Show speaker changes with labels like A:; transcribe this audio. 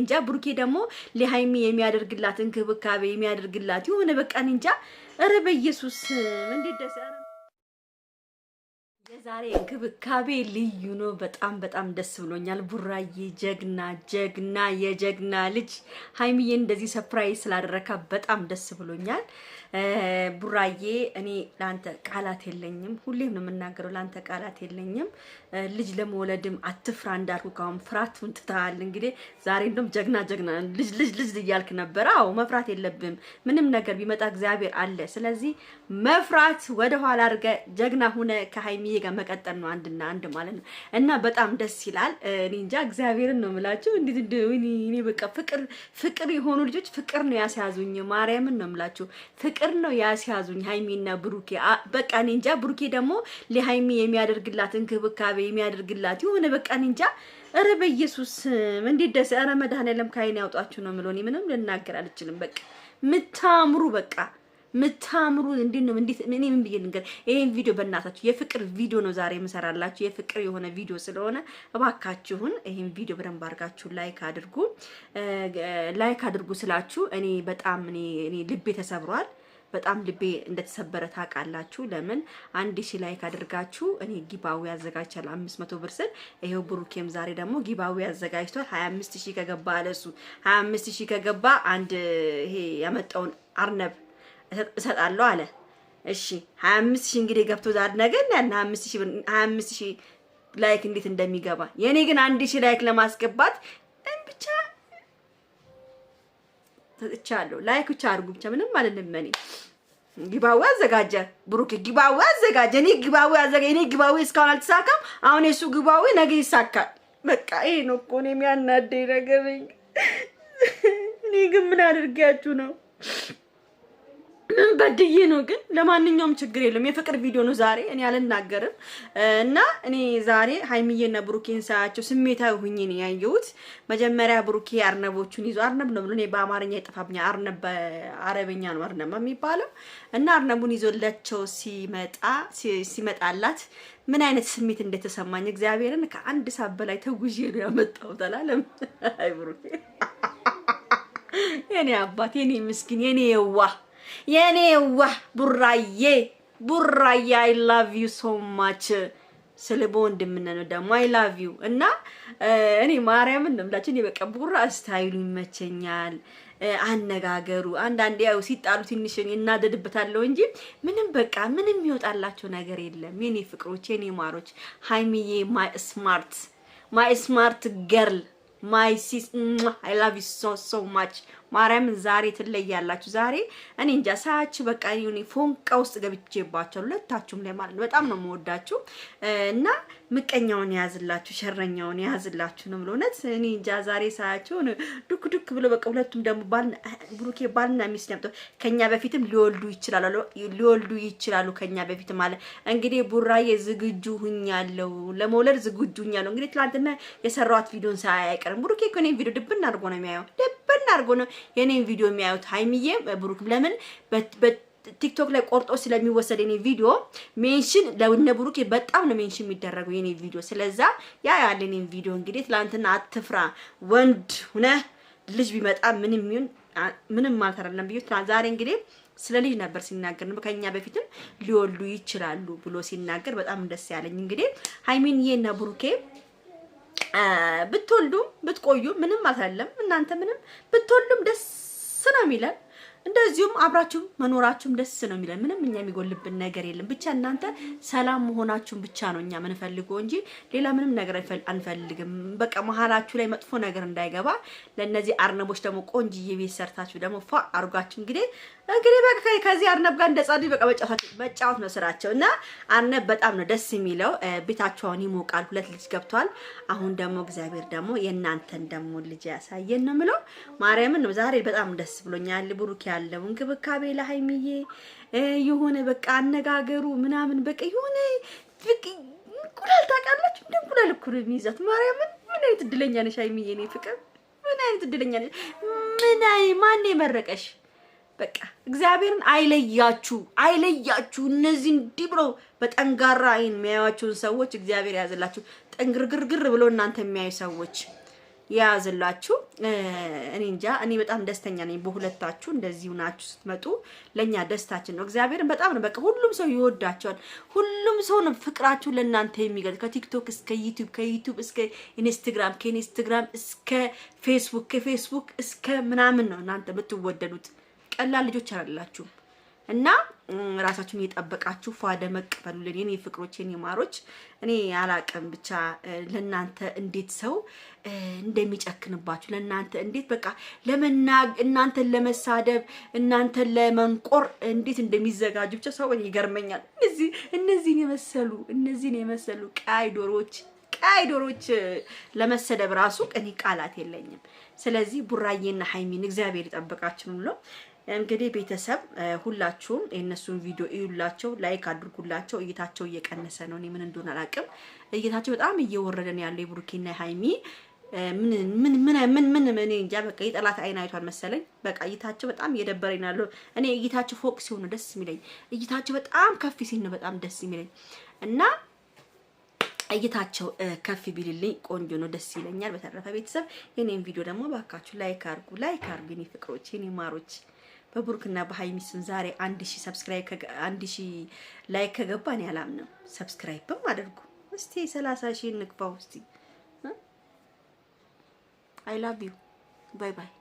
A: እንጃ ብሩኬ ደግሞ ለሀይሚ የሚያደርግላት እንክብካቤ የሚያደርግላት የሆነ በቃ እንጃ። ኧረ በኢየሱስ እንዴት ደስ የዛሬ እንክብካቤ ልዩ ነው። በጣም በጣም ደስ ብሎኛል። ቡራዬ ጀግና ጀግና የጀግና ልጅ ሀይሚዬን እንደዚህ ሰፕራይዝ ስላደረካ በጣም ደስ ብሎኛል። ቡራዬ እኔ ለአንተ ቃላት የለኝም። ሁሌም ነው የምናገረው፣ ለአንተ ቃላት የለኝም። ልጅ ለመውለድም አትፍራ እንዳልኩ ካሁን ፍራቱን ትተሃል። እንግዲህ ዛሬ እንደውም ጀግና ጀግና ልጅ ልጅ ልጅ እያልክ ነበር። አዎ መፍራት የለብም ምንም ነገር ቢመጣ እግዚአብሔር አለ። ስለዚህ መፍራት ወደኋላ አድርገ ጀግና ሁነ ከሀይሚዬ ጋር መቀጠል ነው አንድና አንድ ማለት ነው። እና በጣም ደስ ይላል። እኔ እንጃ እግዚአብሔርን ነው የምላችሁ። እኔ በቃ ፍቅር ፍቅር የሆኑ ልጆች ፍቅር ነው ያስያዙኝ። ማርያምን ነው የምላችሁ ፍቅር ፍቅር ነው ያስያዙኝ ሀይሚና ብሩኬ። በቃ እኔ እንጃ። ብሩኬ ደግሞ ለሀይሚ የሚያደርግላት እንክብካቤ የሚያደርግላት የሆነ በቃ እኔ እንጃ። ኧረ በኢየሱስ እንዴት ደስ! ኧረ መድኃኒዓለም ከዓይን ያውጣችሁ ነው የምለው። እኔ ምንም ልናገር አልችልም። በቃ ምታምሩ በቃ ምታምሩ እንዴት ነው እንዴት እኔ ምን ብዬ ልንገር? ይሄን ቪዲዮ በእናታችሁ የፍቅር ቪዲዮ ነው ዛሬ የምሰራላችሁ የፍቅር የሆነ ቪዲዮ ስለሆነ እባካችሁን ይሄን ቪዲዮ በደንብ አድርጋችሁ ላይክ አድርጉ። ላይክ አድርጉ ስላችሁ እኔ በጣም እኔ ልቤ ተሰብሯል። በጣም ልቤ እንደተሰበረ ታውቃላችሁ። ለምን አንድ ሺ ላይክ አድርጋችሁ እኔ ጊባዊ ያዘጋጅቻል አምስት መቶ ብር ስል ይሄው ብሩኬም ዛሬ ደግሞ ጊባዊ ያዘጋጅቷል። ሀያ አምስት ሺ ከገባ አለሱ ሀያ አምስት ሺ ከገባ አንድ ይሄ ያመጣውን አርነብ እሰጣለሁ አለ። እሺ ሀያ አምስት ሺ እንግዲህ ገብቶ ዛድ ነገር ያን ሀያ አምስት ሺ ሀያ አምስት ሺ ላይክ እንዴት እንደሚገባ የእኔ ግን አንድ ሺ ላይክ ለማስገባት ብቻ ሰጥቻለሁ። ላይክ ብቻ አድርጉ ብቻ ምንም አልልም። እኔ ጊባዊ አዘጋጀ ብሩክ ጊባዊ አዘጋጀ። እኔ ጊባዊ አዘጋ እኔ ጊባዊ እስካሁን አልተሳካም። አሁን የሱ ጊባዊ ነገ ይሳካል። በቃ ይሄ ነው እኮ እኔ የሚያናደኝ ነገር። እኔ ግን ምን አድርጊያችሁ ነው ምን በድዬ ነው ግን ለማንኛውም ችግር የለም። የፍቅር ቪዲዮ ነው ዛሬ እኔ አልናገርም እና እኔ ዛሬ ሀይሚዬና ብሩኬን ሳያቸው ስሜታዊ ሁኜ ነው ያየሁት። መጀመሪያ ብሩኬ አርነቦቹን ይዞ አርነብ ነው ብሎ እኔ በአማርኛ ይጠፋብኛ አርነብ በአረበኛ ነው አርነብ የሚባለው እና አርነቡን ይዞላቸው ሲመጣ ሲመጣላት ምን አይነት ስሜት እንደተሰማኝ እግዚአብሔርን ከአንድ ሳት በላይ ተጉዤ ነው ያመጣሁት አላለም። አይ ብሩኬ የኔ አባት የኔ ምስኪን የኔ የዋ የኔ ዋህ ቡራዬ ቡራዬ አይ ላቭ ዩ ሶ ማች ስለ በወንድምነት ነው ደግሞ አይ ላቭ ዩ እና እኔ ማርያምን ነው የምላቸው። እኔ በቃ ቡራ ስታይሉ ይመቸኛል፣ አነጋገሩ አንዳንዴ ያው ሲጣሉ ትንሽ እናደድበታለሁ እንጂ ምንም በቃ ምንም ይወጣላቸው ነገር የለም። የኔ ፍቅሮች፣ የኔ ማሮች፣ ሀይሚዬ ማይ ስማርት ማይ ስማርት ገርል ማይ ሲስ አይ ላቭ ዩ ሶ ሶ ማች ማርያምን ዛሬ ትለያላችሁ። ዛሬ እኔ እንጃ ሳያችሁ በቃ እኔ ፎንቃ ውስጥ ገብቼባቸዋለሁ ሁለታችሁም ላይ ማለት ነው። በጣም ነው የምወዳችሁ እና ምቀኛውን የያዝላችሁ ሸረኛውን የያዝላችሁ ነው ብሎ እውነት እኔ እንጃ ዛሬ ሳያችሁ ዱክ ዱክ ብሎ በቃ ሁለቱም ደግሞ ባልና ብሩኬ ባልና ሚስት ነምጠው ከኛ በፊትም ሊወልዱ ይችላሉ ሊወልዱ ይችላሉ ከኛ በፊት ማለት እንግዲህ ቡራዬ ዝግጁ ሁኛለሁ ለመውለድ ዝግጁ ሁኛለሁ። እንግዲህ ትላንትና የሰራኋት ቪዲዮን ሳያይ አይቀርም ብሩኬ ከኔ ቪዲዮ ድብን አድርጎ ነው የሚያየው አድርጎ ነው የኔን ቪዲዮ የሚያዩት። ሀይሚዬ ብሩክ ለምን ቲክቶክ ላይ ቆርጦ ስለሚወሰድ የኔ ቪዲዮ ሜንሽን ለነ ብሩኬ በጣም ነው ሜንሽን የሚደረገው የኔ ቪዲዮ። ስለዛ ያ ያለ የኔን ቪዲዮ እንግዲህ ትላንትና አትፍራ ወንድ ሁነ ልጅ ቢመጣ ምንም ይሁን ምንም ማለት አይደለም ብዬ ዛሬ እንግዲህ ስለ ልጅ ነበር ሲናገር ነው። ከኛ በፊትም ሊወሉ ይችላሉ ብሎ ሲናገር በጣም ደስ ያለኝ እንግዲህ ሀይሚን ሀይሚንዬና ብሩኬ ብትወልዱም ብትቆዩ ምንም አታለም። እናንተ ምንም ብትወልዱም ደስ ነው የሚለን እንደዚሁም አብራችሁ መኖራችሁም ደስ ነው የሚለን። ምንም እኛ የሚጎልብን ነገር የለም። ብቻ እናንተ ሰላም መሆናችሁን ብቻ ነው እኛ ምንፈልገው እንጂ ሌላ ምንም ነገር አንፈልግም። በቃ መሀላችሁ ላይ መጥፎ ነገር እንዳይገባ። ለእነዚህ አርነቦች ደግሞ ቆንጅዬ ቤት ሰርታችሁ ደግሞ ፏ አርጓችሁ እንግዲህ እንግዲህ በቃ ከዚህ አርነብ ጋር እንደ ጻድ በቃ መጫወት ነው ስራቸው እና አርነብ በጣም ነው ደስ የሚለው። ቤታቸውን ይሞቃል። ሁለት ልጅ ገብቷል። አሁን ደግሞ እግዚአብሔር ደግሞ የእናንተን ደግሞ ልጅ ያሳየን ነው የምለው። ማርያምን ነው ዛሬ በጣም ደስ ብሎኛል ብሩክ ያለው እንክብካቤ ለሀይሚዬ የሆነ በቃ አነጋገሩ ምናምን በቃ የሆነ እንቁላል ታውቃላችሁ፣ እንደ እንቁላል እኮ ነው የሚይዛት። ማርያምን ምን አይነት እድለኛ ነሽ ሀይሚዬ! እኔ ፍቅር ምን አይነት እድለኛ ነሽ! ምን አይ ማን የመረቀሽ? በቃ እግዚአብሔርን አይለያችሁ፣ አይለያችሁ። እነዚህ እንዲህ ብሎ በጠንጋራ አይን የሚያዩዋቸውን ሰዎች እግዚአብሔር ያዘላችሁ። ጠንግርግርግር ብሎ እናንተ የሚያዩ ሰዎች የያዝላችሁ። እኔ እንጃ እኔ በጣም ደስተኛ ነኝ። በሁለታችሁ እንደዚሁ ናችሁ ስትመጡ ለእኛ ደስታችን ነው። እግዚአብሔርን በጣም ነው። በቃ ሁሉም ሰው ይወዳቸዋል። ሁሉም ሰው ነው ፍቅራችሁ ለእናንተ የሚገልጽ ከቲክቶክ እስከ ዩቱብ ከዩቱብ እስከ ኢንስትግራም፣ ከኢንስትግራም እስከ ፌስቡክ፣ ከፌስቡክ እስከ ምናምን ነው እናንተ የምትወደዱት። ቀላል ልጆች አላላችሁም። እና ራሳችሁን እየጠበቃችሁ ፏ ደመቅ በሉልን የኔ ፍቅሮች፣ የኔ ማሮች። እኔ አላቅም ብቻ ለእናንተ እንዴት ሰው እንደሚጨክንባችሁ ለእናንተ እንዴት በቃ ለመናግ እናንተን ለመሳደብ እናንተን ለመንቆር እንዴት እንደሚዘጋጁ ብቻ ሰው ይገርመኛል። እነዚህ እነዚህን የመሰሉ እነዚህን የመሰሉ ቀያይ ዶሮች ቀያይ ዶሮች ለመሰደብ ራሱ እኔ ቃላት የለኝም። ስለዚህ ቡራዬና ሀይሚን እግዚአብሔር ይጠብቃችሁ ነው እንግዲህ ቤተሰብ ሁላችሁም የእነሱን ቪዲዮ እዩላቸው፣ ላይክ አድርጉላቸው። እይታቸው እየቀነሰ ነው። እኔ ምን እንደሆነ አላውቅም። እይታቸው በጣም እየወረደ ነው ያለው የብሩኪና የሀይሚ ምን ምን ምን እኔ እንጃ በቃ የጠላት አይን አይቷል መሰለኝ። በቃ እይታቸው በጣም እየደበረኝ ነው። እኔ እይታቸው ፎቅ ሲሆን ነው ደስ የሚለኝ። እይታቸው በጣም ከፍ ሲል ነው በጣም ደስ የሚለኝ እና እይታቸው ከፍ ቢልልኝ ቆንጆ ነው፣ ደስ ይለኛል። በተረፈ ቤተሰብ የኔን ቪዲዮ ደግሞ ባካችሁ ላይክ አርጉ፣ ላይክ አርጉ የኔ ፍቅሮች፣ የኔ ማሮች በብሩክና በሀይሚ ስም ዛሬ አንድ ሺ ሰብስክራይብ አንድ ሺህ ላይክ ከገባን ያላምንም ሰብስክራይብም አድርጉ እስቲ ሰላሳ ሺህ እንግባው እስቲ። አይ ላቭ ዩ ባይ ባይ።